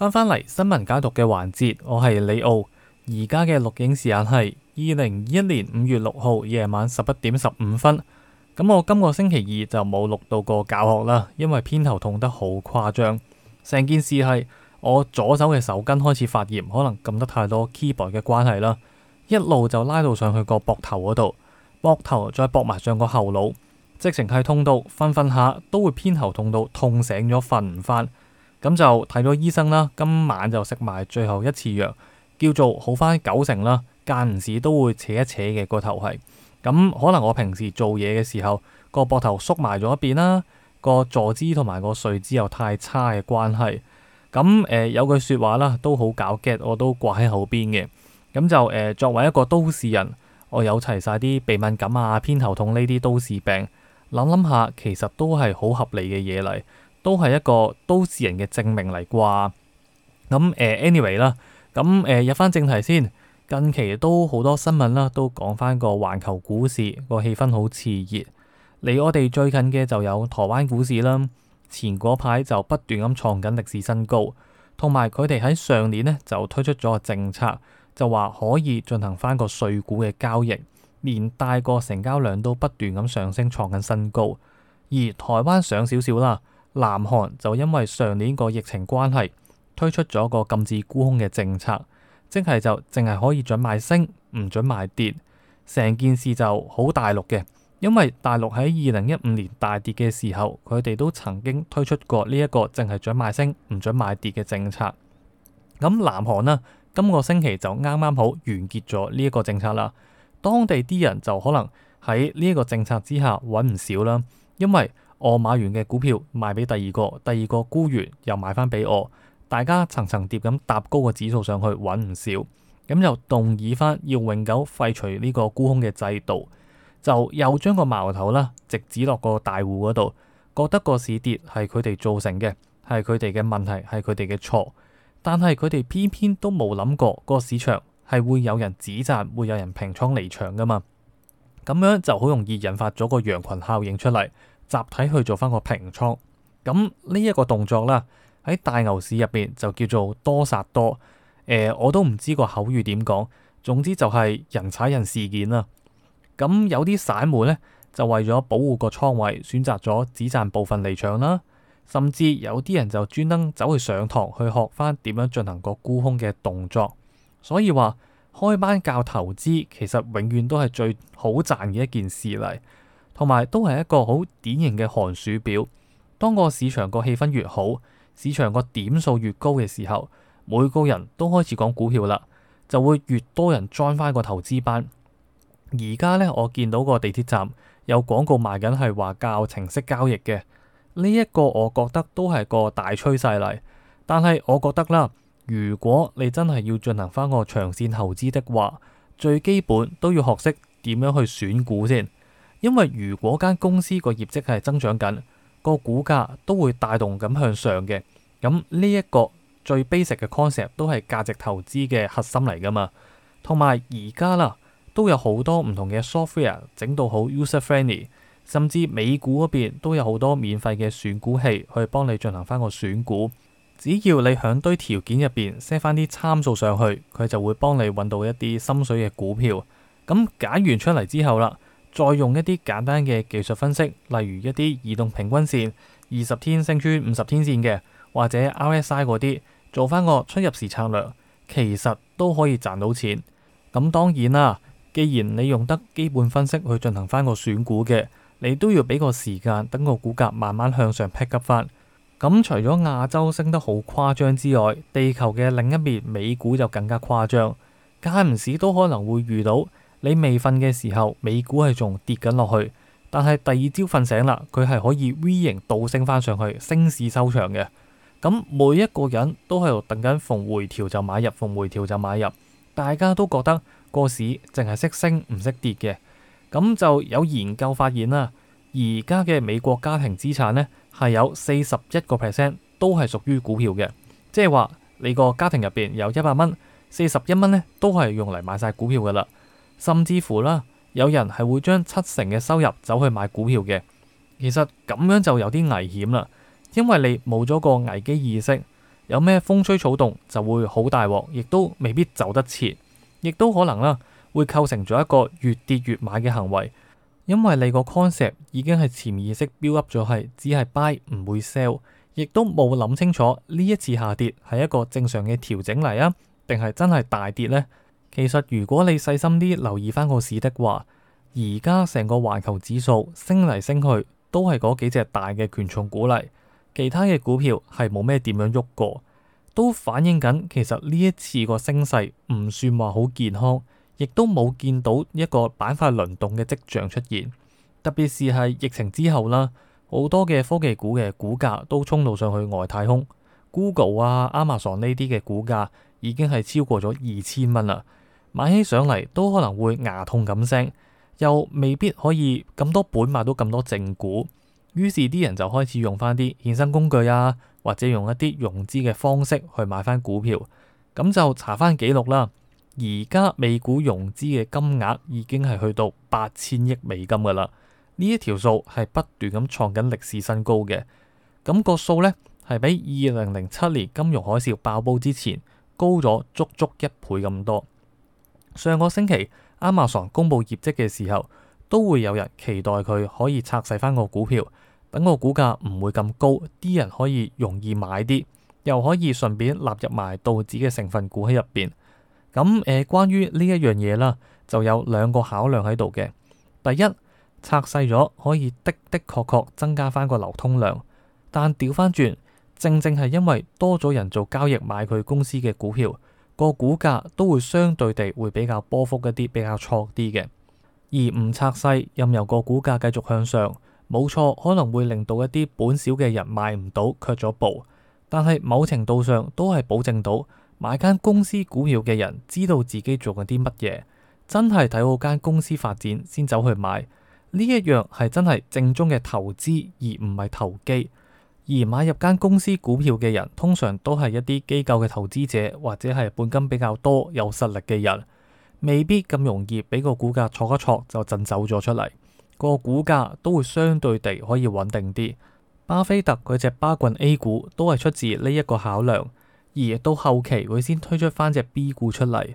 翻返嚟新聞解讀嘅環節，我係李奧。而家嘅錄影時間係二零二一年五月六號夜晚十一點十五分。咁我今個星期二就冇錄到個教學啦，因為偏頭痛得好誇張。成件事係我左手嘅手筋開始發炎，可能撳得太多 keyboard 嘅關係啦，一路就拉到上去個膊頭嗰度，膊頭再搏埋上個後腦，直情係痛到瞓瞓下都會偏頭痛到痛醒咗，瞓唔翻。咁就睇咗醫生啦，今晚就食埋最後一次藥，叫做好返九成啦。間唔時都會扯一扯嘅、個頭係，咁可能我平時做嘢嘅時候個膊頭縮埋咗一邊啦，個坐姿同埋個睡姿又太差嘅關係。咁誒、呃、有句説話啦，都好搞 gag，我都掛喺後邊嘅。咁就誒、呃、作為一個都市人，我有齊晒啲鼻敏感啊、偏頭痛呢啲都市病，諗諗下其實都係好合理嘅嘢嚟。都係一個都市人嘅證明嚟啩。咁誒、呃、anyway 啦，咁、呃、誒入翻正題先。近期都好多新聞啦，都講翻個環球股市個氣氛好熾熱。離我哋最近嘅就有台灣股市啦。前嗰排就不斷咁創緊歷史新高，同埋佢哋喺上年呢就推出咗個政策，就話可以進行翻個碎股嘅交易，連帶個成交量都不斷咁上升，創緊新高。而台灣上少少啦。南韓就因為上年個疫情關係，推出咗個禁止沽空嘅政策，即係就淨係可以准買升，唔准買跌，成件事就好大陸嘅，因為大陸喺二零一五年大跌嘅時候，佢哋都曾經推出過呢一個淨係准買升，唔准買跌嘅政策。咁南韓呢，今、這個星期就啱啱好完結咗呢一個政策啦，當地啲人就可能喺呢一個政策之下揾唔少啦，因為。我買完嘅股票賣俾第二個，第二個沽完又賣翻俾我，大家層層疊咁搭高個指數上去，揾唔少，咁又動議翻要永久廢除呢個沽空嘅制度，就又將個矛頭啦，直指落個大戶嗰度，覺得個市跌係佢哋造成嘅，係佢哋嘅問題，係佢哋嘅錯。但係佢哋偏偏都冇諗過個市場係會有人止賺，會有人平倉離場噶嘛，咁樣就好容易引發咗個羊群效應出嚟。集體去做翻個平倉，咁呢一個動作啦，喺大牛市入面就叫做多殺多，誒、呃、我都唔知個口語點講，總之就係人踩人事件啦。咁有啲散戶呢，就為咗保護個倉位，選擇咗只賺部分離場啦，甚至有啲人就專登走去上堂去學翻點樣進行個沽空嘅動作。所以話開班教投資，其實永遠都係最好賺嘅一件事嚟。同埋都係一個好典型嘅寒暑表。當個市場個氣氛越好，市場個點數越高嘅時候，每個人都開始講股票啦，就會越多人 join 翻個投資班。而家呢，我見到個地鐵站有廣告賣緊，係話教程式交易嘅呢一個，我覺得都係個大趨勢嚟。但係我覺得啦，如果你真係要進行翻個長線投資的話，最基本都要學識點樣去選股先。因為如果間公司個業績係增長緊，個股價都會帶動咁向上嘅。咁呢一個最 basic 嘅 concept 都係價值投資嘅核心嚟㗎嘛。同埋而家啦，都有好多唔同嘅 software 整到好 user friendly，甚至美股嗰邊都有好多免費嘅選股器去幫你進行返個選股。只要你喺堆條件入邊 set 返啲參數上去，佢就會幫你揾到一啲心水嘅股票。咁揀完出嚟之後啦。再用一啲簡單嘅技術分析，例如一啲移動平均線、二十天升穿五十天線嘅，或者 RSI 嗰啲，做翻個出入市策略，其實都可以賺到錢。咁當然啦，既然你用得基本分析去進行翻個選股嘅，你都要俾個時間等個股價慢慢向上 pick up 翻。咁除咗亞洲升得好誇張之外，地球嘅另一邊美股就更加誇張，間唔時都可能會遇到。你未瞓嘅時候，美股係仲跌緊落去，但係第二朝瞓醒啦，佢係可以 V 型倒升翻上去，升市收場嘅。咁每一個人都係度等緊逢回調就買入，逢回調就買入，大家都覺得個市淨係識升唔識跌嘅。咁就有研究發現啦，而家嘅美國家庭資產呢，係有四十一個 percent 都係屬於股票嘅，即係話你個家庭入邊有一百蚊，四十一蚊呢，都係用嚟買晒股票噶啦。甚至乎啦，有人係會將七成嘅收入走去買股票嘅。其實咁樣就有啲危險啦，因為你冇咗個危機意識，有咩風吹草動就會好大鑊，亦都未必走得切，亦都可能啦會構成咗一個越跌越買嘅行為，因為你個 concept 已經係潛意識 built up 咗係只係 buy 唔會 sell，亦都冇諗清楚呢一次下跌係一個正常嘅調整嚟啊，定係真係大跌呢？其實如果你細心啲留意翻個市的話，而家成個環球指數升嚟升去，都係嗰幾隻大嘅權重股嚟，其他嘅股票係冇咩點樣喐過，都反映緊其實呢一次個升勢唔算話好健康，亦都冇見到一個板塊輪動嘅跡象出現。特別是係疫情之後啦，好多嘅科技股嘅股價都衝到上去外太空，Google 啊、Amazon 呢啲嘅股價已經係超過咗二千蚊啦。買起上嚟，都可能會牙痛咁聲，又未必可以咁多本買到咁多正股。於是啲人就開始用翻啲衍生工具啊，或者用一啲融資嘅方式去買翻股票。咁就查翻記錄啦，而家美股融資嘅金額已經係去到八千億美金噶啦。呢一條數係不斷咁創緊歷史新高嘅。咁個數咧係比二零零七年金融海嘯爆煲之前高咗足足一倍咁多。上個星期，Amazon 公布業績嘅時候，都會有人期待佢可以拆細翻個股票，等個股價唔會咁高，啲人可以容易買啲，又可以順便納入埋道指嘅成分股喺入邊。咁、嗯、誒、呃，關於呢一樣嘢啦，就有兩個考量喺度嘅。第一，拆細咗可以的的確確增加翻個流通量，但調翻轉，正正係因為多咗人做交易買佢公司嘅股票。個股價都會相對地會比較波幅一啲，比較挫啲嘅。而唔拆細，任由個股價繼續向上，冇錯，可能會令到一啲本少嘅人買唔到，卻咗步。但係某程度上都係保證到，買間公司股票嘅人知道自己做緊啲乜嘢，真係睇好間公司發展先走去買。呢一樣係真係正宗嘅投資，而唔係投機。而買入間公司股票嘅人，通常都係一啲機構嘅投資者，或者係本金比較多、有實力嘅人，未必咁容易俾個股價挫一挫就震走咗出嚟。個股價都會相對地可以穩定啲。巴菲特佢隻巴郡 A 股都係出自呢一個考量，而到後期會先推出翻隻 B 股出嚟，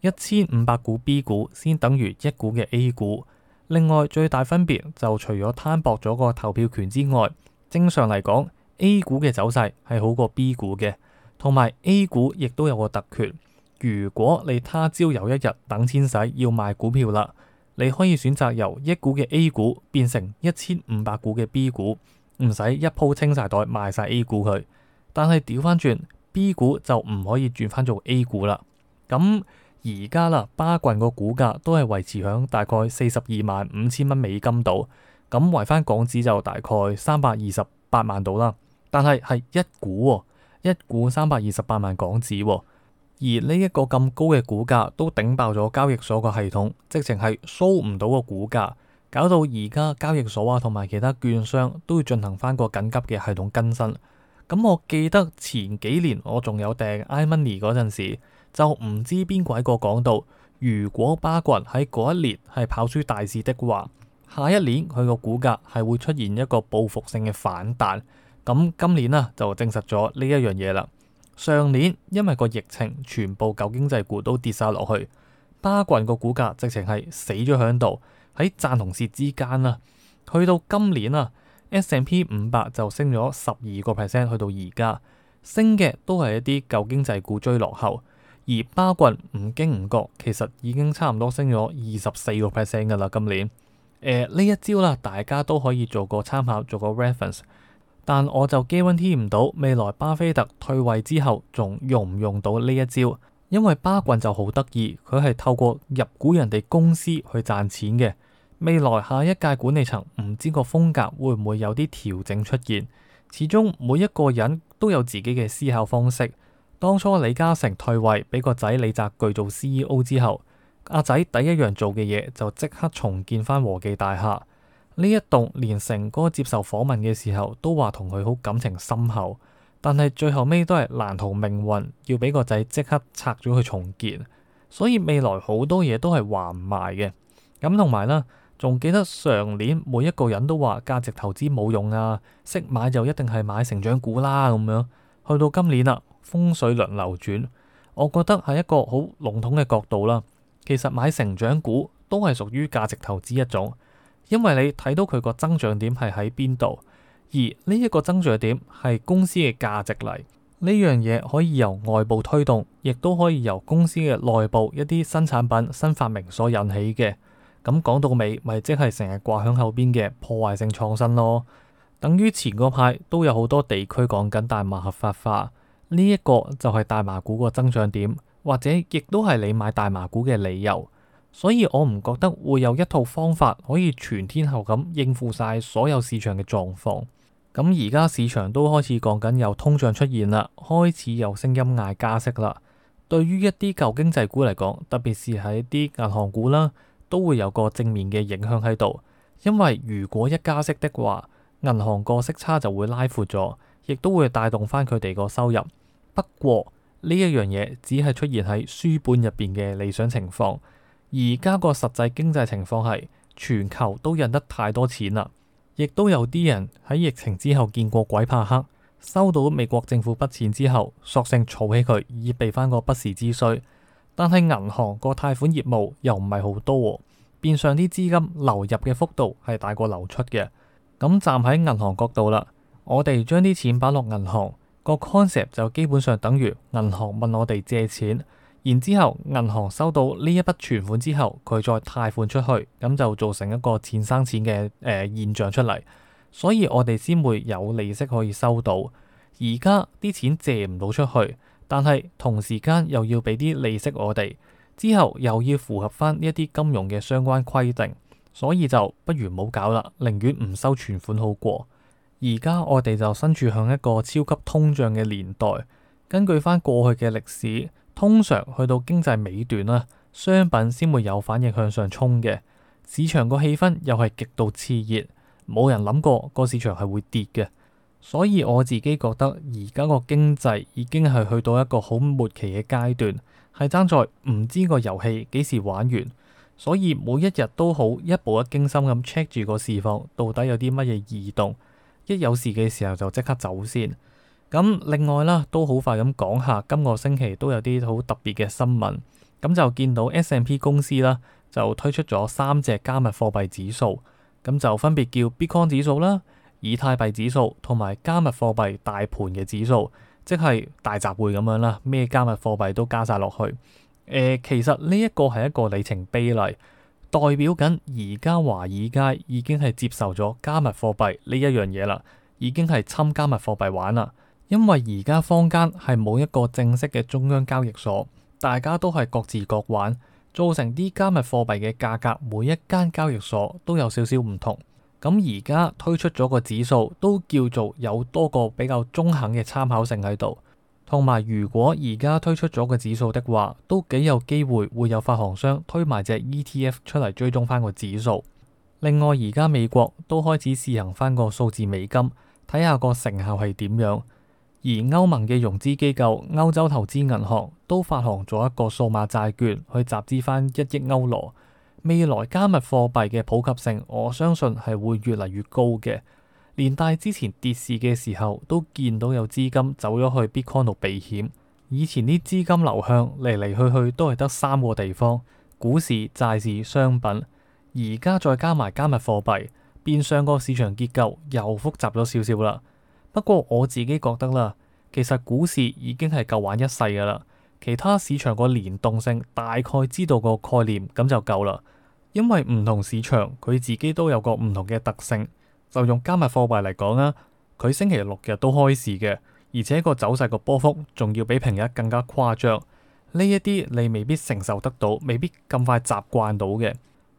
一千五百股 B 股先等於一股嘅 A 股。另外最大分別就除咗攤薄咗個投票權之外。正常嚟講，A 股嘅走勢係好過 B 股嘅，同埋 A 股亦都有個特權。如果你他朝有一日等錢使要賣股票啦，你可以選擇由一股嘅 A 股變成一千五百股嘅 B 股，唔使一鋪清晒袋賣晒 A 股佢。但係調翻轉，B 股就唔可以轉翻做 A 股啦。咁而家啦，巴郡個股價都係維持喺大概四十二萬五千蚊美金度。咁為返港紙就大概三百二十八萬度啦，但係係一股喎、哦，一股三百二十八萬港紙喎、哦，而呢一個咁高嘅股價都頂爆咗交易所個系統，直情係 show 唔到個股價，搞到而家交易所啊同埋其他券商都要進行翻個緊急嘅系統更新。咁、嗯、我記得前幾年我仲有訂 iMoney 嗰陣時，就唔知邊鬼個講到，如果巴郡喺嗰一年係跑輸大市的話。下一年佢個股價係會出現一個報復性嘅反彈。咁今年啊就證實咗呢一樣嘢啦。上年因為個疫情，全部舊經濟股都跌晒落去，巴郡個股價直情係死咗喺度，喺賺同蝕之間啦。去到今年啊，S&P 500就升咗十二個 percent 去到而家，升嘅都係一啲舊經濟股追落後，而巴郡唔經唔覺，其實已經差唔多升咗二十四個 percent 噶啦。今年。呢、呃、一招啦，大家都可以做個參考，做個 reference。但我就 guarantee 唔到未來巴菲特退位之後，仲用唔用到呢一招？因為巴郡就好得意，佢係透過入股人哋公司去賺錢嘅。未來下一屆管理層唔知個風格會唔會有啲調整出現。始終每一個人都有自己嘅思考方式。當初李嘉誠退位，俾個仔李澤鉅做 CEO 之後，阿仔第一樣做嘅嘢就即刻重建翻，和記大廈呢一棟，連成哥接受訪問嘅時候都話同佢好感情深厚，但係最後尾都係難逃命運，要俾個仔即刻拆咗去重建，所以未來好多嘢都係話唔埋嘅。咁同埋咧，仲記得上年每一個人都話價值投資冇用啊，識買就一定係買成長股啦咁樣。去到今年啦，風水輪流轉，我覺得係一個好籠統嘅角度啦。其實買成長股都係屬於價值投資一種，因為你睇到佢個增長點係喺邊度，而呢一個增長點係公司嘅價值嚟。呢樣嘢可以由外部推動，亦都可以由公司嘅內部一啲新產品、新發明所引起嘅。咁講到尾，咪即係成日掛響後邊嘅破壞性創新咯。等於前嗰派都有好多地區講緊大麻合法化，呢一個就係大麻股個增長點。或者亦都係你買大麻股嘅理由，所以我唔覺得會有一套方法可以全天候咁應付晒所有市場嘅狀況。咁而家市場都開始講緊有通脹出現啦，開始有聲音嗌加息啦。對於一啲舊經濟股嚟講，特別是喺啲銀行股啦，都會有個正面嘅影響喺度。因為如果一加息的話，銀行個息差就會拉闊咗，亦都會帶動翻佢哋個收入。不過，呢一樣嘢只係出現喺書本入邊嘅理想情況，而家個實際經濟情況係全球都印得太多錢啦，亦都有啲人喺疫情之後見過鬼怕黑，收到美國政府筆錢之後，索性儲起佢以備翻個不時之需。但係銀行個貸款業務又唔係好多，變相啲資金流入嘅幅度係大過流出嘅。咁站喺銀行角度啦，我哋將啲錢擺落銀行。個 concept 就基本上等於銀行問我哋借錢，然之後銀行收到呢一筆存款之後，佢再貸款出去，咁就造成一個錢生錢嘅誒、呃、現象出嚟，所以我哋先會有利息可以收到。而家啲錢借唔到出去，但係同時間又要俾啲利息我哋，之後又要符合翻呢一啲金融嘅相關規定，所以就不如冇搞啦，寧願唔收存款好過。而家我哋就身處向一個超級通脹嘅年代。根據翻過去嘅歷史，通常去到經濟尾段啦，商品先會有反應向上衝嘅。市場個氣氛又係極度熾熱，冇人諗過個市場係會跌嘅。所以我自己覺得而家個經濟已經係去到一個好末期嘅階段，係爭在唔知個遊戲幾時玩完。所以每一日都好一步一驚心咁 check 住個市況，到底有啲乜嘢異動。一有事嘅時候就即刻走先。咁另外啦，都好快咁講下，今個星期都有啲好特別嘅新聞。咁就見到 S&P 公司啦，就推出咗三隻加密貨幣指數。咁就分別叫 Bitcoin 指數啦、以太幣指數同埋加密貨幣大盤嘅指數，即係大集會咁樣啦，咩加密貨幣都加晒落去。誒、呃，其實呢一個係一個里程碑嚟。代表緊而家華爾街已經係接受咗加密貨幣呢一樣嘢啦，已經係侵加密貨幣玩啦。因為而家坊間係冇一個正式嘅中央交易所，大家都係各自各玩，造成啲加密貨幣嘅價格每一間交易所都有少少唔同。咁而家推出咗個指數，都叫做有多個比較中肯嘅參考性喺度。同埋，如果而家推出咗個指數的話，都幾有機會會有發行商推埋隻 ETF 出嚟追蹤翻個指數。另外，而家美國都開始試行翻個數字美金，睇下個成效係點樣。而歐盟嘅融資機構，歐洲投資銀行都發行咗一個數碼債券，去集資翻一億歐羅。未來加密貨幣嘅普及性，我相信係會越嚟越高嘅。連帶之前跌市嘅時候，都見到有資金走咗去 Bitcoin 度避險。以前啲資金流向嚟嚟去去都係得三個地方：股市、債市、商品。而家再加埋加密貨幣，變相個市場結構又複雜咗少少啦。不過我自己覺得啦，其實股市已經係夠玩一世噶啦。其他市場個連動性大概知道個概念咁就夠啦，因為唔同市場佢自己都有個唔同嘅特性。就用加密貨幣嚟講啊，佢星期六日都開市嘅，而且個走勢個波幅仲要比平日更加誇張。呢一啲你未必承受得到，未必咁快習慣到嘅。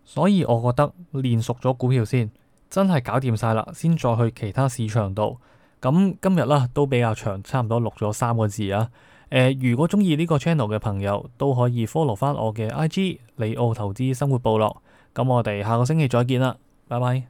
所以我覺得練熟咗股票先，真係搞掂晒啦，先再去其他市場度。咁今日啦都比較長，差唔多錄咗三個字啊。誒、呃，如果中意呢個 channel 嘅朋友都可以 follow 翻我嘅 IG 李奧投資生活部落。咁我哋下個星期再見啦，拜拜。